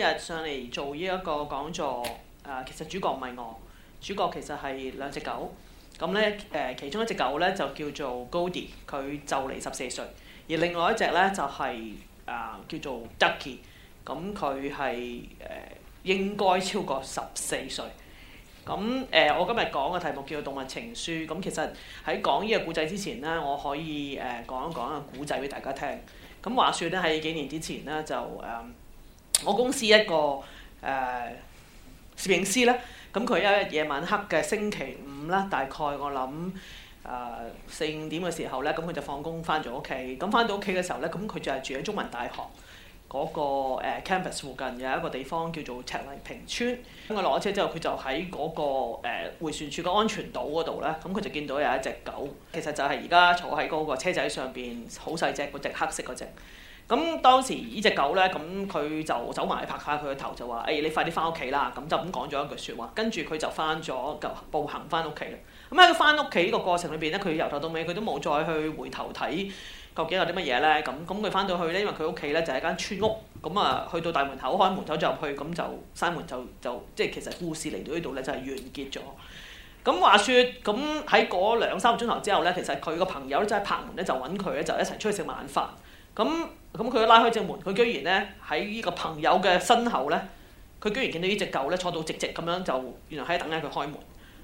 今日上嚟做呢一個講座，誒、呃，其實主角唔係我，主角其實係兩隻狗。咁咧誒，其中一隻狗咧就叫做 Goldie，佢就嚟十四歲；而另外一隻咧就係、是、誒、呃、叫做 Ducky，咁、嗯、佢係誒、呃、應該超過十四歲。咁、嗯、誒、呃，我今日講嘅題目叫做《動物情書》嗯。咁其實喺講呢個故仔之前咧，我可以誒講、呃、一講個古仔俾大家聽。咁、嗯、話說咧，喺幾年之前咧就誒、呃我公司一個誒、呃、攝影師咧，咁佢有一日夜晚黑嘅星期五啦，大概我諗誒四五點嘅時候咧，咁佢就放工翻咗屋企。咁翻到屋企嘅時候咧，咁佢就係住喺中文大學嗰個 campus 附近有一個地方叫做赤泥坪村。咁佢落咗車之後，佢就喺嗰、嗰個誒迴旋處嘅安全島嗰度咧，咁佢就見到有一隻狗，其實就係而家坐喺嗰個車仔上邊好細隻嗰隻黑色嗰隻。咁當時呢隻狗咧，咁佢就走埋去拍下佢個頭，就話，誒、哎，你快啲翻屋企啦！咁就咁講咗一句説話，跟住佢就翻咗，就步行翻屋企啦。咁喺佢翻屋企呢個過程裏邊咧，佢由頭到尾佢都冇再去回頭睇，究竟有啲乜嘢咧？咁咁佢翻到去咧，因為佢屋企咧就係、是、間村屋，咁、嗯、啊去到大門口開門口就入去，咁、嗯、就閂門就就，就即係其實故事嚟到呢度咧就係、是、完結咗。咁、嗯、話説，咁喺嗰兩三個鐘頭之後咧，其實佢個朋友咧就係拍門咧就揾佢咧，就一齊出去食晚飯。咁咁佢拉開隻門，佢居然咧喺呢個朋友嘅身後咧，佢居然見到隻呢隻狗咧坐到直直咁樣就，就原來喺等緊佢開門。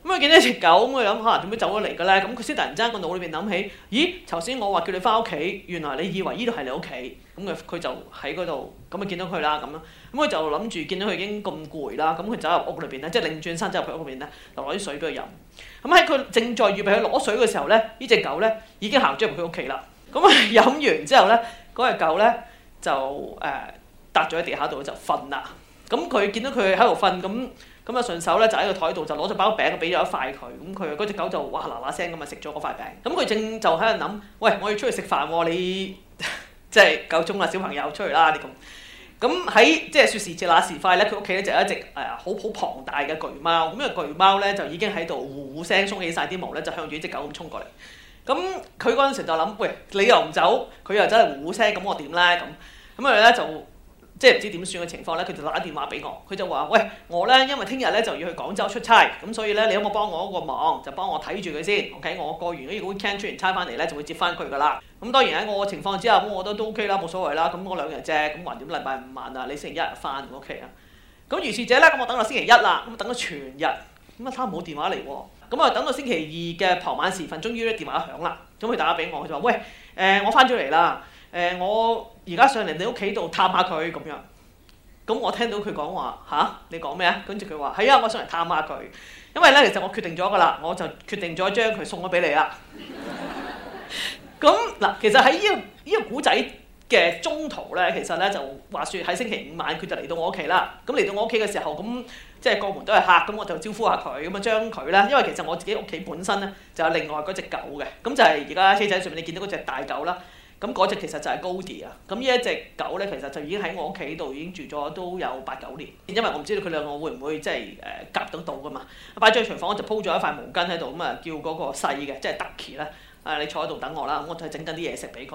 咁佢見到依隻狗，咁佢諗可能點樣走咗嚟嘅咧？咁佢先突然之間個腦裏邊諗起，咦？頭先我話叫你翻屋企，原來你以為依度係你屋企。咁啊，佢就喺嗰度，咁啊見到佢啦咁啦。咁佢就諗住見到佢已經咁攰啦，咁佢走入屋裏邊咧，即係轉身走入佢屋裏邊咧，就攞啲水俾佢飲。咁喺佢正在預備去攞水嘅時候咧，隻呢隻狗咧已經行咗入佢屋企啦。咁啊飲完之後咧。嗰隻狗咧就誒搭咗喺地下度就瞓啦。咁佢見到佢喺度瞓，咁咁啊順手咧就喺個台度就攞咗包餅俾咗一塊佢。咁佢嗰隻狗就哇嗱嗱聲咁啊食咗嗰塊餅。咁佢正就喺度諗，喂，我要出去食飯喎，啊，你即係夠鐘啦，小朋友出去啦，你咁。咁喺即係説時遲那時快咧，佢屋企咧就有一隻誒好好龐大嘅巨貓。咁啊巨貓咧就已經喺度呼呼聲鬆起晒啲毛咧，就向住隻狗咁衝過嚟。咁佢嗰陣時就諗，喂，你又唔走，佢又真係胡鬱聲，咁我點咧？咁咁佢咧就即係唔知點算嘅情況咧，佢就打電話俾我，佢就話：喂，我咧因為聽日咧就要去廣州出差，咁所以咧你有冇幫我一個忙，就幫我睇住佢先。OK，我過完如果 can 出完差翻嚟咧，就會接翻佢噶啦。咁當然喺我嘅情況之下，咁我都都 OK 啦，冇所謂啦。咁我兩日啫，咁橫掂，禮拜五晚啊，你星期一就翻，OK 啊。咁如是者咧，咁我等到星期一啦，咁等到全日，咁啊佢冇電話嚟喎。咁啊，等到星期二嘅傍晚時分，終於咧電話響啦。咁佢打俾我，佢就話：喂，誒、呃，我翻咗嚟啦，誒、呃，我而家上嚟你屋企度探下佢咁樣。咁我聽到佢講話吓，你講咩啊？跟住佢話：係、哎、啊，我上嚟探下佢，因為咧其實我決定咗噶啦，我就決定咗將佢送咗俾你啦。咁嗱， 其實喺呢、這個呢、這個古仔。嘅中途咧，其實咧就話説喺星期五晚，佢就嚟到我屋企啦。咁嚟到我屋企嘅時候，咁即係過門都係客，咁我就招呼下佢，咁啊將佢咧，因為其實我自己屋企本身咧就有另外嗰隻狗嘅，咁就係而家車仔上面你見到嗰隻大狗啦。咁嗰隻其實就係 Goldie 啊。咁呢一隻狗咧，其實就已經喺我屋企度已經住咗都有八九年。因為我唔知道佢兩個會唔會即係誒夾得到噶嘛。擺張牀房，我就鋪咗一塊毛巾喺度，咁啊叫嗰個細嘅，即係 Ducky 啦。啊，你坐喺度等我啦，我就整緊啲嘢食俾佢。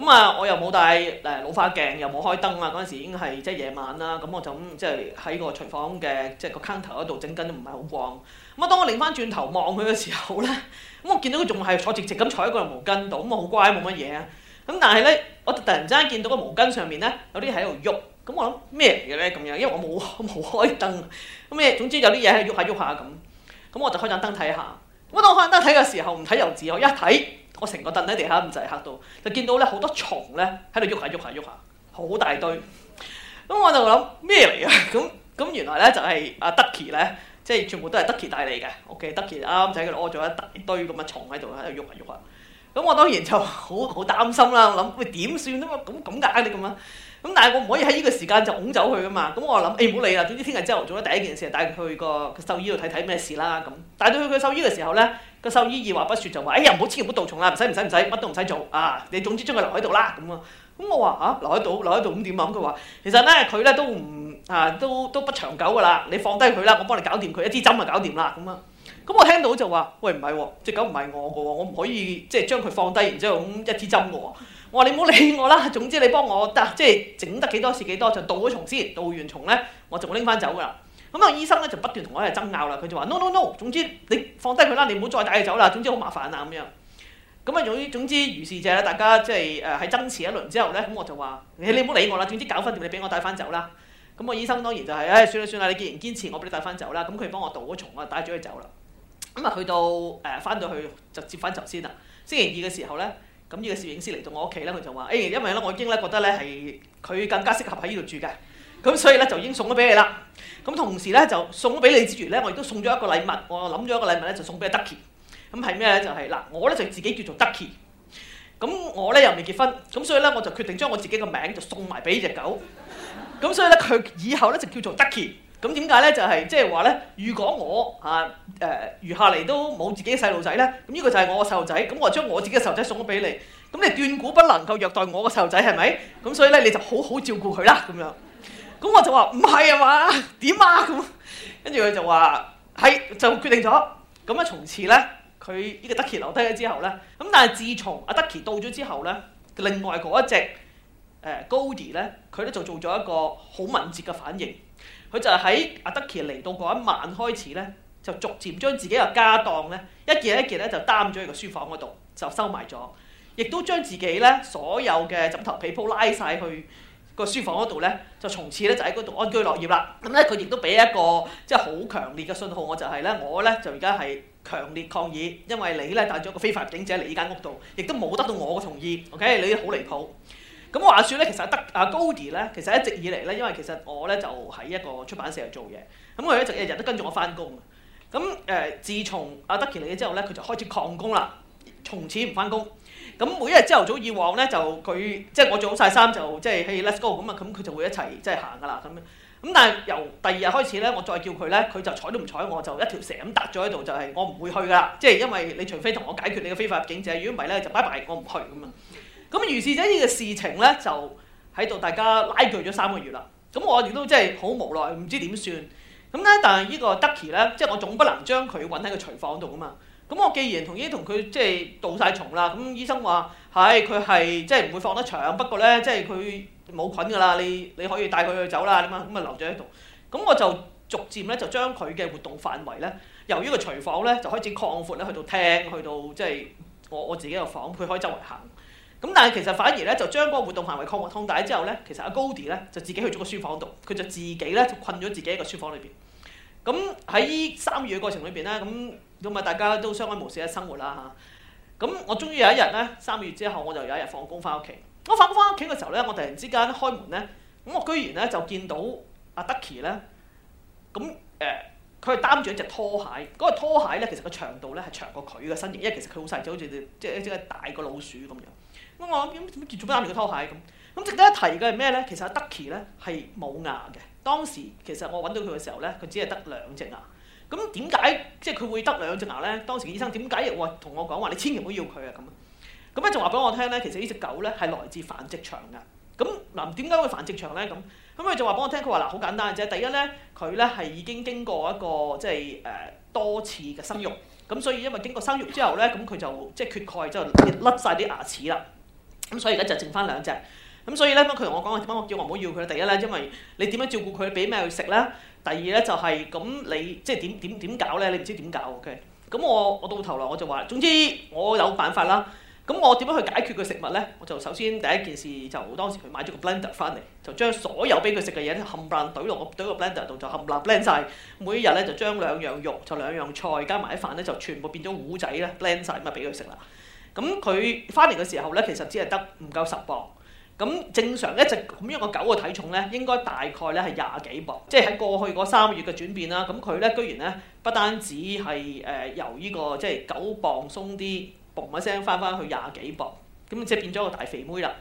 咁啊，我又冇帶誒老花鏡，又冇開燈啊！嗰陣時已經係即係夜晚啦，咁我就即係喺個廚房嘅即係個 counter 嗰度整緊都唔係好光。咁啊，當我擰翻轉頭望佢嘅時候咧，咁我見到佢仲係坐直直咁坐喺個毛巾度，咁啊好乖，冇乜嘢啊。咁但係咧，我突然之間見到個毛巾上面咧有啲喺度喐，咁我諗咩嚟嘅咧咁樣？因為我冇冇開燈，咁你總之有啲嘢喺喐下喐下咁。咁我就開盞燈睇下。咁當我開燈睇嘅時候，唔睇又自然，我一睇。我成個凳喺地下咁滯嚇到，就見到咧好多蟲咧喺度喐下喐下喐下，好大堆。咁我就諗咩嚟啊？咁咁原來咧就係阿 Ducky 咧，即係全部都係 Ducky 帶嚟嘅。OK，Ducky 啱啱仔喺度屙咗一大堆咁嘅蟲喺度喺度喐下喐下。咁我當然就好好擔心啦，諗，喂，點算啊嘛？咁咁解你咁樣啊？咁但係我唔可以喺呢個時間就拱走佢噶嘛。咁我啊諗，誒唔好理啦，總之聽日朝頭早咧第一件事係帶佢去個獸醫度睇睇咩事啦，咁帶到他去佢獸醫嘅時候咧，個獸 醫二話不說就話，哎呀唔好，千祈唔好杜蟲啦，唔使唔使唔使，乜都唔使做，啊，你總之將佢留喺度啦，咁、嗯嗯嗯、啊，咁我話嚇留喺度，留喺度咁點啊？咁佢話其實咧佢咧都唔啊都都不長久噶啦，你放低佢啦，我幫你搞掂佢一支針就搞掂啦，咁、嗯、啊、咁、嗯、我、嗯嗯、聽到就話，喂唔係喎，隻、呃、狗唔係我嘅喎，我唔可以即係將佢放低然之後一支針嘅我話你唔好理我啦，總之你幫我得，即係整得幾多次幾多就杜咗蟲先，杜完蟲咧，我就拎翻走㗎啦。咁個醫生咧就不斷同我係爭拗啦，佢就話 no no no，總之你放低佢啦，你唔好再帶佢走啦，總之好麻煩啊咁樣。咁啊總之，總之如是者啦，大家即係誒喺爭持一輪之後咧，咁我就話誒你唔好理我啦，總之搞分掂你俾我帶翻走啦。咁個醫生當然就係誒算啦算啦，你既然堅持，我俾你帶翻走啦。咁佢幫我杜咗蟲啊，帶咗佢走啦。咁啊去到誒翻到去就接翻頭先啦。星期二嘅時候咧。咁呢個攝影師嚟到我屋企咧，佢就話：誒、哎，因為咧，我已經咧覺得咧係佢更加適合喺呢度住嘅，咁所以咧就已經送咗俾你啦。咁同時咧就送咗俾你之餘咧，我亦都送咗一個禮物。我諗咗一個禮物咧，就送俾 Ducky。咁係咩咧？就係嗱，我咧就自己叫做 Ducky。咁我咧又未結婚，咁所以咧我就決定將我自己嘅名就送埋俾隻狗。咁所以咧佢以後咧就叫做 Ducky。咁點解咧？就係即係話咧，如果我嚇誒餘下嚟都冇自己嘅細路仔咧，咁、這、呢個就係我嘅細路仔，咁、嗯、我將我自己嘅細路仔送咗俾你，咁、嗯、你斷估不能夠虐待我嘅細路仔係咪？咁、嗯、所以咧，你就好好照顧佢啦咁樣。咁、嗯、我就話唔係啊嘛，點啊咁？跟住佢就話係就決定咗。咁、嗯、啊，從此咧，佢呢、這個 Ducky 留低咗之後咧，咁、嗯、但係自從阿 Ducky 到咗之後咧，另外嗰一隻誒 Goldie 咧，佢、呃、咧就做咗一個好敏捷嘅反應。佢就係喺阿德奇嚟到嗰一晚開始咧，就逐漸將自己嘅家當咧，一件一件咧就擔咗喺個書房嗰度，就收埋咗，亦都將自己咧所有嘅枕頭被鋪拉晒去個書房嗰度咧，就從此咧就喺嗰度安居樂業啦。咁咧佢亦都俾一個即係好強烈嘅信號，就係咧，我咧就係咧我咧就而家係強烈抗議，因為你咧帶咗個非法入境者嚟呢間屋度，亦都冇得到我嘅同意。OK，你好離譜。咁話說咧，其實阿德阿 Goldie 咧，其實一直以嚟咧，因為其實我咧就喺一個出版社度做嘢，咁佢一直日日都跟住我翻工。咁、嗯、誒，自從阿德奇嚟咗之後咧，佢就開始曠工啦，從此唔翻工。咁、嗯、每一日朝頭早以往咧，就佢即係我做好晒衫，就即、就、係、是、嘿 Let's go 咁啊，咁佢就會一齊即係行噶啦咁樣。咁但係由第二日開始咧，我再叫佢咧，佢就睬都唔睬我，就一條蛇咁揼咗喺度，就係、是、我唔會去噶啦。即係因為你除非同我解決你嘅非法入境者，如果唔係咧，就拜拜，我唔去咁啊。咁如是者呢、這個事情咧就喺度，大家拉鋸咗三個月啦。咁我亦都真係好無奈，唔知點算。咁咧，但係呢個 Ducky 咧，即係我總不能將佢揾喺個廚房度啊嘛。咁我既然同已經同佢即係倒晒蟲啦，咁醫生話係佢係即係唔會放得長，不過咧即係佢冇菌㗎啦。你你可以帶佢去走啦，點啊？咁啊留咗喺度。咁我就逐漸咧就將佢嘅活動範圍咧，由於個廚房咧就開始擴闊咧，去到廳，去到，去到即係我我自己個房，佢可以周圍行。咁但係其實反而咧就將個活動行為擴擴大之後咧，其實阿 Goldie 咧就自己去咗個書房度，佢就自己咧就困咗自己喺個書房裏邊。咁喺三月嘅過程裏邊咧，咁同埋大家都相安無事嘅生活啦嚇。咁、啊、我終於有一日咧，三月之後我就有一日放工翻屋企。我放工翻屋企嘅時候咧，我突然之間開門咧，咁我居然咧就見到阿 Ducky 咧。咁誒，佢、呃、係擔住一隻拖鞋，嗰、那個拖鞋咧其實個長度咧係長過佢嘅身形，因為其實佢好細就好似即係即係大個老鼠咁樣。咁我諗點做乜攬住個拖鞋咁？咁值得一提嘅係咩咧？其實阿 Ducky 咧係冇牙嘅。當時其實我揾到佢嘅時候咧，佢只係得兩隻牙。咁點解即係佢會得兩隻牙咧？當時醫生點解又同我講話你千祈唔好要佢啊咁啊。咁咧就話俾我聽咧，其實隻呢隻狗咧係來自繁殖場嘅。咁嗱點解會繁殖場咧？咁咁佢就話俾我聽，佢話嗱好簡單嘅啫。第一咧，佢咧係已經經過一個即係誒、呃、多次嘅生育。咁所以因為經過生育之後咧，咁佢就即係缺鈣就甩晒啲牙齒啦。咁、嗯、所以而家就剩翻兩隻，咁、嗯、所以咧，佢同我講，點解我叫我唔好要佢。第一咧，因為你點樣照顧佢，俾咩佢食咧？第二咧就係、是，咁你即係點點點搞咧？你唔知點搞 OK，咁我、嗯、我到頭來我就話，總之我有辦法啦。咁、嗯、我點樣去解決佢食物咧？我就首先第一件事就當時佢買咗個 blender 翻嚟，就將所有俾佢食嘅嘢咧冚唪唥攞落個攞個 blender 度就冚唪唥 blend 晒，每一日咧就將兩樣肉就兩樣菜加埋啲飯咧就全部變咗糊仔咧 blend 曬咁啊俾佢食啦。咁佢翻嚟嘅時候咧，其實只係得唔夠十磅。咁正常一隻咁樣個狗嘅體重咧，應該大概咧係廿幾磅。即係喺過去嗰三個月嘅轉變啦。咁佢咧居然咧，不單止係誒、呃、由呢、呢個即係九磅鬆啲，嘣一聲翻翻去廿幾磅，咁即係變咗個大肥妹啦。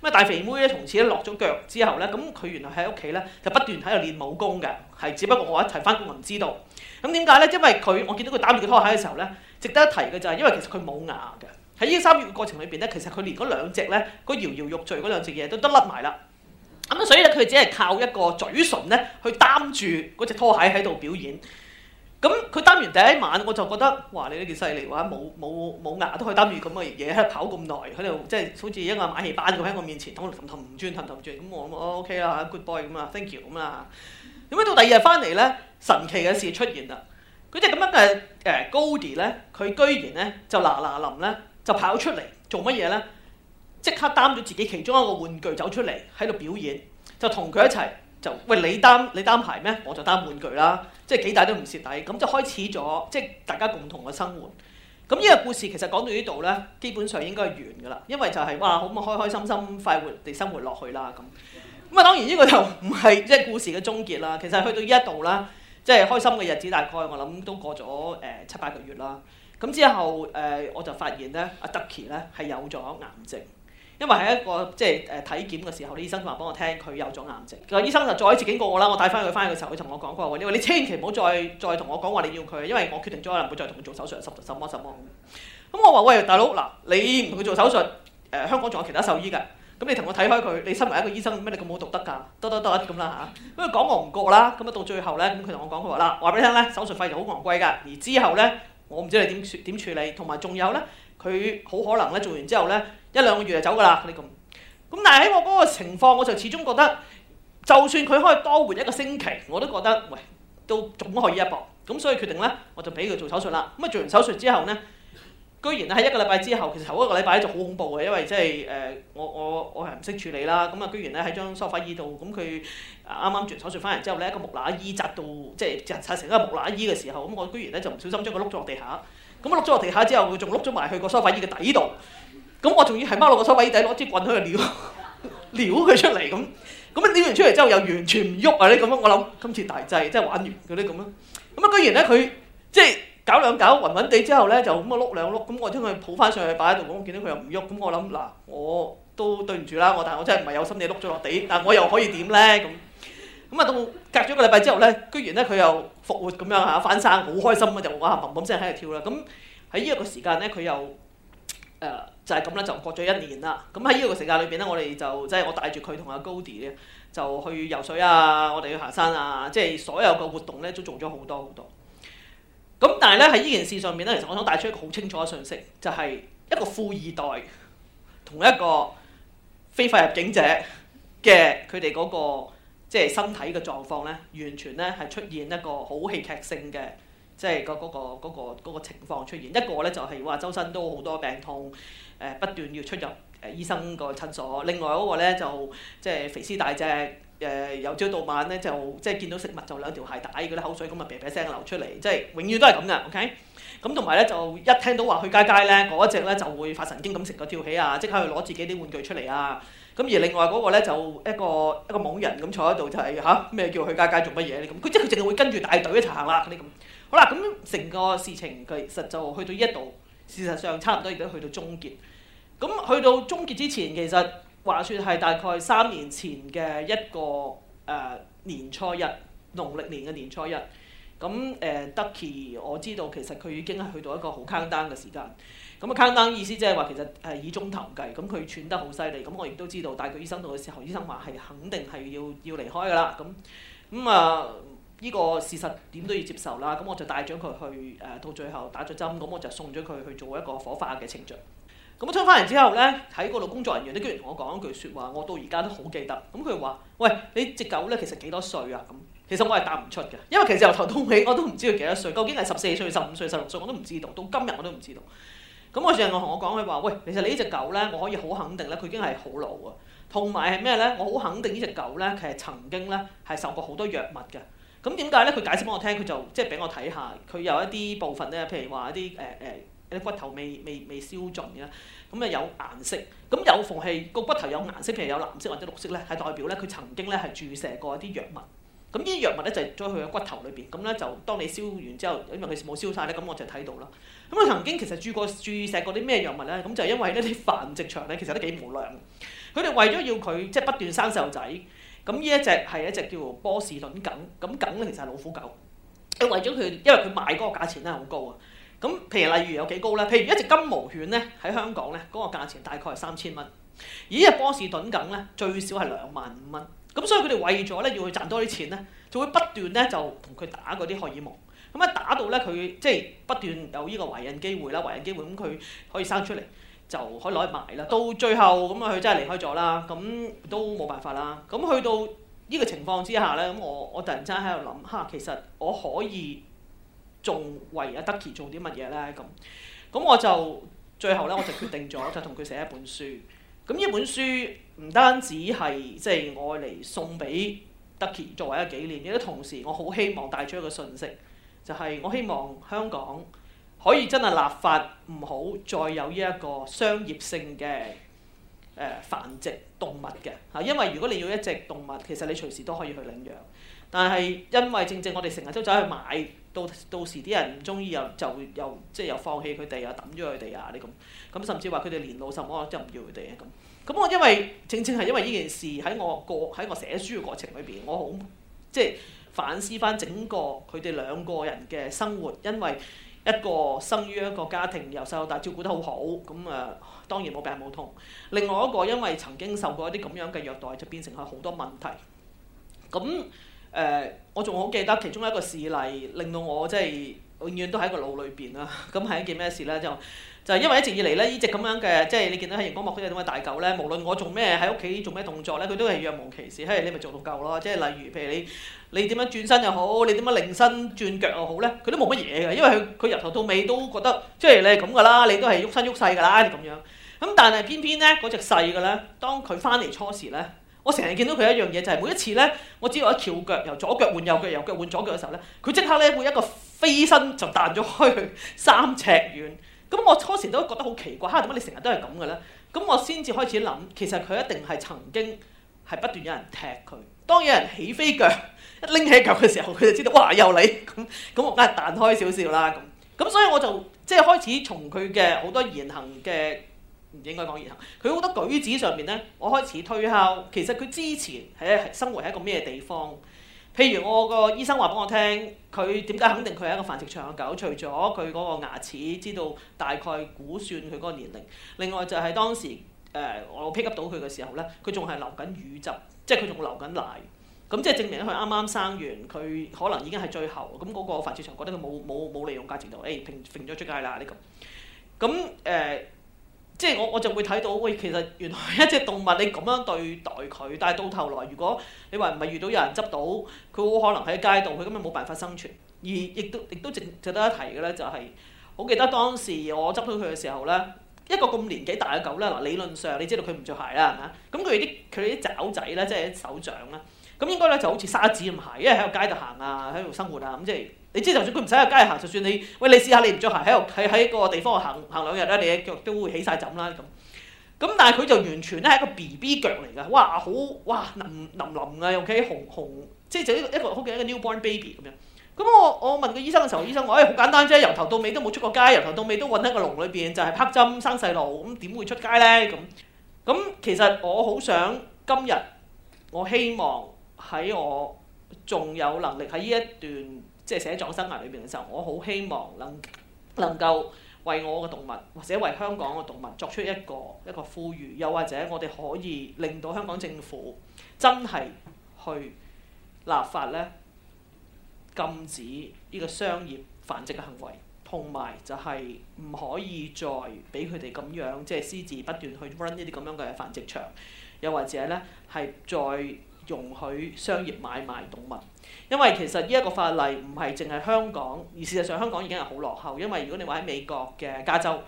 咁啊大肥妹咧，從此咧落咗腳之後咧，咁佢原來喺屋企咧就不斷喺度練武功嘅，係，只不過我一齊翻工唔知道。咁點解咧？因為佢我見到佢打亂個拖鞋嘅時候咧，值得一提嘅就係因為其實佢冇牙嘅。喺呢三月嘅過程裏邊咧，其實佢連嗰兩隻咧，嗰搖搖欲墜嗰兩隻嘢都都甩埋啦。咁所以咧佢只係靠一個嘴唇咧去擔住嗰隻拖鞋喺度表演。咁佢擔完第一晚，我就覺得，哇！你呢件犀利喎，冇冇冇牙都可以擔住咁嘅嘢喺度跑咁耐，喺度即係好似一個馬戲班咁喺我面前氹氹轉、氹氹轉。咁我諗我 OK 啦，good boy 咁啊，thank you 咁啊。咁啊到第二日翻嚟咧，神奇嘅事出現啦。嗰隻咁樣嘅誒 Goldie 咧，佢居然咧就嗱嗱臨咧～就跑出嚟做乜嘢呢？即刻擔咗自己其中一個玩具走出嚟，喺度表演，就同佢一齊，就喂，你擔你擔鞋咩？我就擔玩具啦，即係幾大都唔蝕底。咁就開始咗即係大家共同嘅生活。咁呢個故事其實講到呢度呢，基本上應該係完㗎啦，因為就係哇，好啊，可可開開心心快活地生活落去啦咁。咁啊當然呢個就唔係即係故事嘅終結啦。其實去到呢一度啦，即係開心嘅日子大概我諗都過咗誒、呃、七八個月啦。咁之後，誒我就發現咧，阿 Ducky 咧係有咗癌症，因為喺一個即係誒體檢嘅時候，啲醫生佢話幫我聽佢有咗癌症。個醫生就再一次警告我啦，我帶翻佢翻去嘅時候，佢同我講過話，因為你千祈唔好再再同我講話你要佢，因為我決定咗能唔會再同佢做，做手術，什什麼什麼。咁我話喂，大佬嗱，你唔同佢做手術，誒香港仲有其他獸醫㗎，咁你同我睇開佢，你身為一個醫生，咩你咁冇道德㗎？得得得咁啦嚇，咁佢講我唔過啦，咁啊到最後咧，咁佢同我講佢話啦，話俾你聽咧，手術費就好昂貴㗎，而之後咧。呢我唔知你點點處理，同埋仲有咧，佢好可能咧做完之後咧一兩個月就走㗎啦，你咁。咁但係喺我嗰個情況，我就始終覺得，就算佢可以多活一個星期，我都覺得，喂，都總可以一搏。咁所以決定咧，我就俾佢做手術啦。咁啊做完手術之後咧。居然咧喺一個禮拜之後，其實頭一個禮拜咧就好恐怖嘅，因為即係誒，我我我係唔識處理啦。咁啊，居然咧喺張梳化椅度，咁佢啱啱做完手術翻嚟之後咧，一個木乃伊紮到即係紮成一個木乃伊嘅時候，咁我居然咧就唔小心將佢碌咗落地下，咁啊碌咗落地下之後，仲碌咗埋去個梳化椅嘅底度，咁我仲要係踎落個梳化椅底攞支棍去撩撩佢出嚟，咁咁撩完出嚟之後又完全唔喐啊！你咁樣我諗今次大劑，即係玩完嗰啲咁樣，咁啊居然咧佢即係。即搞兩搞，暈暈地之後咧，就咁啊碌兩碌，咁我將佢抱翻上去擺喺度，咁我見到佢又唔喐，咁我諗嗱、啊，我都對唔住啦，我，但係我真係唔係有心你碌咗落地，但係我又可以點咧？咁，咁啊到隔咗一個禮拜之後咧，居然咧佢又復活咁樣嚇翻生，好開心啊！就哇冧冧聲喺度跳啦。咁喺呢一個時間咧，佢又誒就係咁啦，就過、是、咗一年啦。咁喺呢個時間裏邊咧，我哋就即係、就是、我帶住佢同阿 Goldie 咧，就去游水啊，我哋去行山啊，即、就、係、是、所有嘅活動咧都做咗好多好多，多。咁但係咧，喺呢件事上面咧，其實我想帶出一個好清楚嘅信息，就係、是、一個富二代同一個非法入境者嘅佢哋嗰個即係、就是、身體嘅狀況咧，完全咧係出現一個好戲劇性嘅，即係嗰嗰個嗰、那個那個那個情況出現。一個咧就係、是、話周身都好多病痛，誒不斷要出入誒醫生個診所。另外一個咧就即、是、係、就是、肥屍大隻。誒、呃、由朝到晚咧，就即係見到食物就兩條鞋帶佢啲口水咁啊，喋喋聲流出嚟，即係永遠都係咁噶，OK？咁同埋咧，就一聽到話去街街咧，嗰一隻咧就會發神經咁成個跳起啊，即刻去攞自己啲玩具出嚟啊！咁而另外嗰個咧就一個一個懵人咁坐喺度，就係嚇咩叫去街街做乜嘢啲咁？佢即係佢凈係會跟住大隊一齊行啦啲咁。好啦，咁、嗯、成個事情其實就去到呢一度，事實上差唔多亦都去到終結。咁、嗯、去到終結之前，其實話說係大概三年前嘅一個誒、呃、年初一，農曆年嘅年初一。咁誒 Ducky，呃、ucky, 我知道其實佢已經係去到一個好 countdown 嘅時間。咁啊 countdown 意思即係話其實係以鐘頭計，咁佢喘得好犀利。咁我亦都知道，帶佢醫生度嘅時候，醫生話係肯定係要要離開㗎啦。咁咁啊呢個事實點都要接受啦。咁我就帶咗佢去誒、呃、到最後打咗針，咁我就送咗佢去做一個火化嘅程序。咁啊，出翻嚟之後咧，喺嗰度工作人員咧居然同我講一句說話，我到而家都好記得。咁佢話，喂，你隻狗咧其實幾多歲啊？咁其實我係答唔出嘅，因為其實由頭到尾我都唔知佢幾多歲，究竟係十四歲、十五歲、十六歲我都唔知道，到今日我都唔知道。咁佢仲要同我講佢話，喂，其實你呢隻狗咧，我可以好肯定咧，佢已經係好老㗎。同埋係咩咧？我好肯定呢隻狗咧，佢係曾經咧係受過好多藥物嘅。咁點解咧？佢解釋俾我聽，佢就即係俾我睇下，佢有一啲部分咧，譬如話一啲誒誒。呃呃啲骨頭未未未燒盡嘅，咁、嗯、啊有顏色，咁、嗯、有縫隙，個骨頭有顏色，譬如有藍色或者綠色咧，係代表咧佢曾經咧係注射過啲藥物。咁呢啲藥物咧就係裝喺佢嘅骨頭裏邊。咁、嗯、咧就當你燒完之後，因為佢冇燒晒，咧、嗯，咁我就睇到啦。咁、嗯、佢曾經其實注過注射過啲咩藥物咧，咁、嗯、就係、是、因為呢啲繁殖場咧其實都幾無良。佢哋為咗要佢即係不斷生細路仔，咁、嗯、呢一隻係一隻叫波士頓梗，咁梗咧其實係老虎狗。誒為咗佢，因為佢賣嗰個價錢咧好高啊！咁譬如例如有幾高咧？譬如一隻金毛犬咧喺香港咧，嗰個價錢大概係三千蚊。而一隻波士頓梗咧最少係兩萬五蚊。咁所以佢哋為咗咧要去賺多啲錢咧，就會不斷咧就同佢打嗰啲荷爾蒙，咁啊打到咧佢即係不斷有呢個懷孕機會啦，懷孕機會咁佢可以生出嚟就可以攞去賣啦。到最後咁啊，佢真係離開咗啦，咁都冇辦法啦。咁去到呢個情況之下咧，咁我我突然之間喺度諗嚇，其實我可以，仲為阿德奇做啲乜嘢呢？咁，咁我就最後呢，我就決定咗就同佢寫一本書。咁呢本書唔單止係即係我嚟送俾德奇作為一個紀念，亦都同時我好希望帶出一個訊息，就係我希望香港可以真係立法，唔好再有呢一個商業性嘅繁殖動物嘅嚇。因為如果你要一隻動物，其實你隨時都可以去領養，但係因為正正我哋成日都走去買。到到時啲人唔中意又就又即係又放棄佢哋啊，抌咗佢哋啊，你咁，咁甚至話佢哋年老什麼都唔要佢哋啊咁。咁我因為正正係因為呢件事喺我個喺我寫書嘅過程裏邊，我好即係反思翻整個佢哋兩個人嘅生活，因為一個生於一個家庭由細到大照顧得好好，咁啊、呃、當然冇病冇痛；另外一個因為曾經受過一啲咁樣嘅虐待，就變成佢好多問題。咁誒、呃，我仲好記得其中一個事例，令到我即係永遠都喺個腦裏邊啦。咁 係一件咩事咧？就就是、因為一直以嚟咧，呢隻咁樣嘅，即係你見到喺熒光幕區有種嘅大狗咧，無論我做咩喺屋企做咩動作咧，佢都係若無其事。嘿、哎，你咪做到夠咯。即係例如，譬如你你點樣轉身又好，你點樣擰身轉腳又好咧，佢都冇乜嘢嘅，因為佢佢由頭到尾都覺得，即係你係咁噶啦，你都係喐身喐勢噶啦咁樣。咁但係偏偏咧，嗰隻細嘅咧，當佢翻嚟初時咧。我成日見到佢一樣嘢，就係、是、每一次咧，我只要一翹腳，由左腳換右腳，右腳換左腳嘅時候咧，佢即刻咧會一個飛身就彈咗開去三尺遠。咁我初時都覺得好奇怪，嚇，點解你成日都係咁嘅咧？咁我先至開始諗，其實佢一定係曾經係不斷有人踢佢。當有人起飛腳一拎起腳嘅時候，佢就知道哇，又嚟咁，咁 我梗係彈開少少啦咁。咁所以我就即係、就是、開始從佢嘅好多言行嘅。唔應該講言行。佢好多舉止上面咧，我開始推敲。其實佢之前係生活喺一個咩地方？譬如我個醫生話俾我聽，佢點解肯定佢係一個繁殖場嘅狗？除咗佢嗰個牙齒，知道大概估算佢嗰個年齡。另外就係當時誒、呃、我 pick up 到佢嘅時候咧，佢仲係流緊乳汁，即係佢仲流緊奶。咁即係證明佢啱啱生完，佢可能已經係最後。咁嗰個繁殖場覺得佢冇冇冇利用價值度，誒，揈咗出街啦呢個。咁、嗯、誒。呃即係我我就會睇到喂，其實原來一隻動物你咁樣對待佢，但係到頭來如果你話唔係遇到有人執到，佢好可能喺街度，佢根本冇辦法生存。而亦都亦都值值得一提嘅咧，就係好記得當時我執到佢嘅時候咧，一個咁年紀大嘅狗咧，嗱理論上你知道佢唔着鞋啦，係咪啊？咁佢啲佢啲爪仔咧，即係手掌咧，咁應該咧就好似沙子咁鞋，因為喺個街度行啊，喺度生活啊，咁即係。你即係，就算佢唔使喺街行，就算你喂，你試下你唔着鞋喺度，喺喺個地方行行兩日咧，你嘅腳都會起晒枕啦。咁咁，但係佢就完全咧係一個 B B 腳嚟噶，哇好哇，腍腍腍啊，又企喺紅紅，即係就呢一個好似一個 newborn baby 咁樣。咁我我問個醫生嘅時候，醫生我誒好簡單啫，由頭到尾都冇出過街，由頭到尾都韞喺個籠裏邊，就係、是、拍針生細路，咁、嗯、點會出街咧？咁咁其實我好想今日我希望喺我仲有能力喺呢一段。即係寫作生涯裏邊嘅時候，我好希望能能夠為我嘅動物，或者為香港嘅動物作出一個一個呼籲，又或者我哋可以令到香港政府真係去立法咧禁止呢個商業繁殖嘅行為，同埋就係唔可以再俾佢哋咁樣即係私自不斷去 run 呢啲咁樣嘅繁殖場，又或者咧係再。容許商業買賣動物，因為其實呢一個法例唔係淨係香港，而事實上香港已經係好落後。因為如果你話喺美國嘅加州，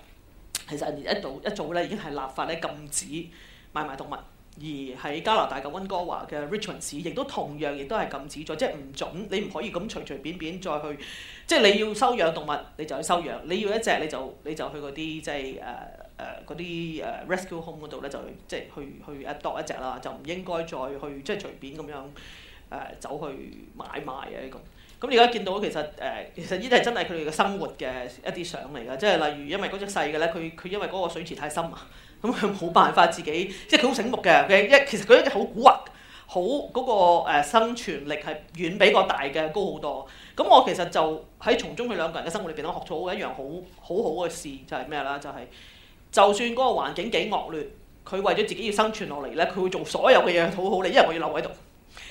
其實人哋一早一早咧已經係立法咧禁止買賣動物，而喺加拿大嘅溫哥華嘅 Richmond 市亦都同樣亦都係禁止咗。即係唔準你唔可以咁隨隨便便再去，即係你要收養動物你就去收養，你要一隻你就你就去嗰啲即係誒。Uh, 誒嗰啲誒 rescue home 嗰度咧，就即係去去 adopt 一隻啦，就唔應該再去即係隨便咁樣誒走去買賣嘅咁、呢個。咁而家見到其實誒，其實呢啲係真係佢哋嘅生活嘅一啲相嚟㗎。即係例如因為嗰隻細嘅咧，佢佢因為嗰個水池太深啊，咁佢冇辦法自己，即係佢好醒目嘅，嘅、okay? 一其實佢一隻好古惑，好嗰、嗰個、呃、生存力係遠比較大嘅高好多。咁我其實就喺從中佢兩個人嘅生活裏邊都學到一樣好好好嘅事，就係咩啦？就係、係。就算嗰個環境幾惡劣，佢為咗自己要生存落嚟咧，佢會做所有嘅嘢討好你，因為我要留喺度。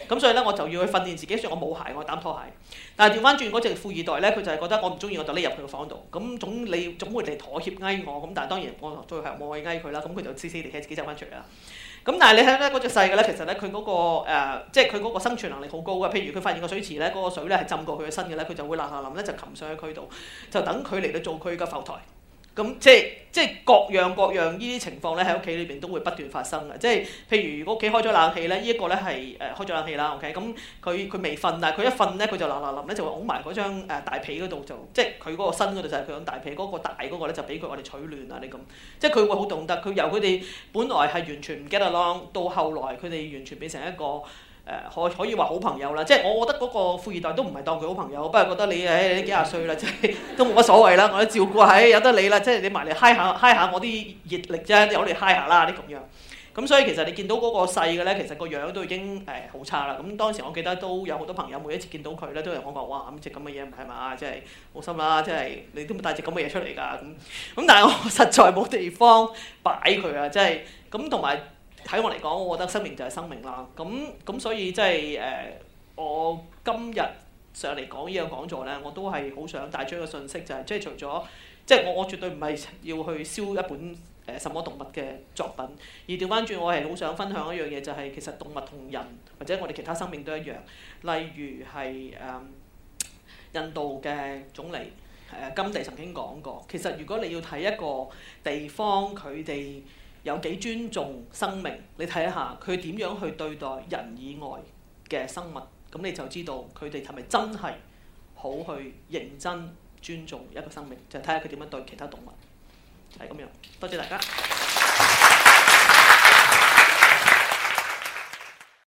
咁所以咧，我就要去訓練自己，雖然我冇鞋，我戴拖鞋。但係調翻轉嗰隻富二代咧，佢就係覺得我唔中意，我就匿入佢個房度。咁總你總會嚟妥協啱我，咁但係當然我最後冇去啱佢啦。咁佢就黐黐地自己走返出嚟啦。咁但係你睇咧嗰隻細嘅咧，其實咧佢嗰個誒，即係佢嗰個生存能力好高嘅。譬如佢發現個水池咧，嗰個水咧係浸過佢嘅身嘅咧，佢就會嗱嗱臨咧就擒上去佢度，就等佢嚟到做佢嘅浮台。咁即係即係各樣各樣呢啲情況咧，喺屋企裏邊都會不斷發生嘅。即係譬如如果屋企開咗冷氣咧，呢一個咧係誒開咗冷氣啦，OK，咁佢佢未瞓，但係佢一瞓咧佢就嗱嗱臨咧就會擁埋嗰張大被嗰度，就即係佢嗰個身嗰度就係佢擁大被嗰個大嗰個咧，就俾佢我哋取暖啊！你咁即係佢會好懂得，佢由佢哋本來係完全唔 get along，到後來佢哋完全變成一個。誒可、呃、可以話好朋友啦，即係我覺得嗰個富二代都唔係當佢好朋友，不過覺得你誒、哎、幾廿歲啦，即係都冇乜所謂啦，我都照顧喺、哎，有得你啦，即係你埋嚟嗨下嗨下我啲熱力啫，我哋嗨下啦啲咁樣。咁所以其實你見到嗰個細嘅咧，其實個樣都已經誒好、呃、差啦。咁當時我記得都有好多朋友每一次見到佢咧，都係我講話哇，咁隻咁嘅嘢唔係嘛？即係好心啦，即係你都帶隻咁嘅嘢出嚟㗎咁。咁但係我實在冇地方擺佢啊，即係咁同埋。睇我嚟講，我覺得生命就係生命啦。咁咁所以即係誒，我今日上嚟講呢樣講座咧，我都係好想帶出一個信息，就係，就係即係除咗即係我我絕對唔係要去燒一本誒、呃、什麼動物嘅作品，而掉返轉我係好想分享一樣嘢，就係，就係其實動物同人或者我哋其他生命都一樣。例如係誒、嗯、印度嘅總理誒、呃、甘地曾經講過，其實如果你要睇一個地方，佢哋有幾尊重生命？你睇一下佢點樣去對待人以外嘅生物，咁你就知道佢哋係咪真係好去認真尊重一個生命？就睇下佢點樣對其他動物。就係咁樣，多謝大家。